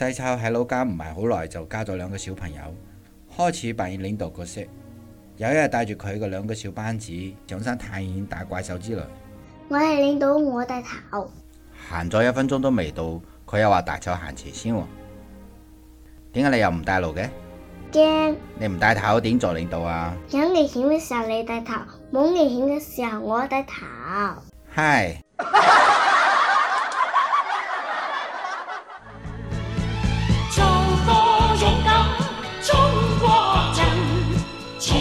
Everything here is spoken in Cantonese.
細臭喺老家唔係好耐，就加咗兩個小朋友，開始扮演領導角色。有一日帶住佢嘅兩個小班子上山探險打怪獸之類。我係領導，我帶頭。行咗一分鐘都未到，佢又話大臭行前先。點解你又唔帶路嘅？驚怕。你唔帶頭點做領導啊？有危險嘅時候你帶頭，冇危險嘅時候我帶頭。Hi。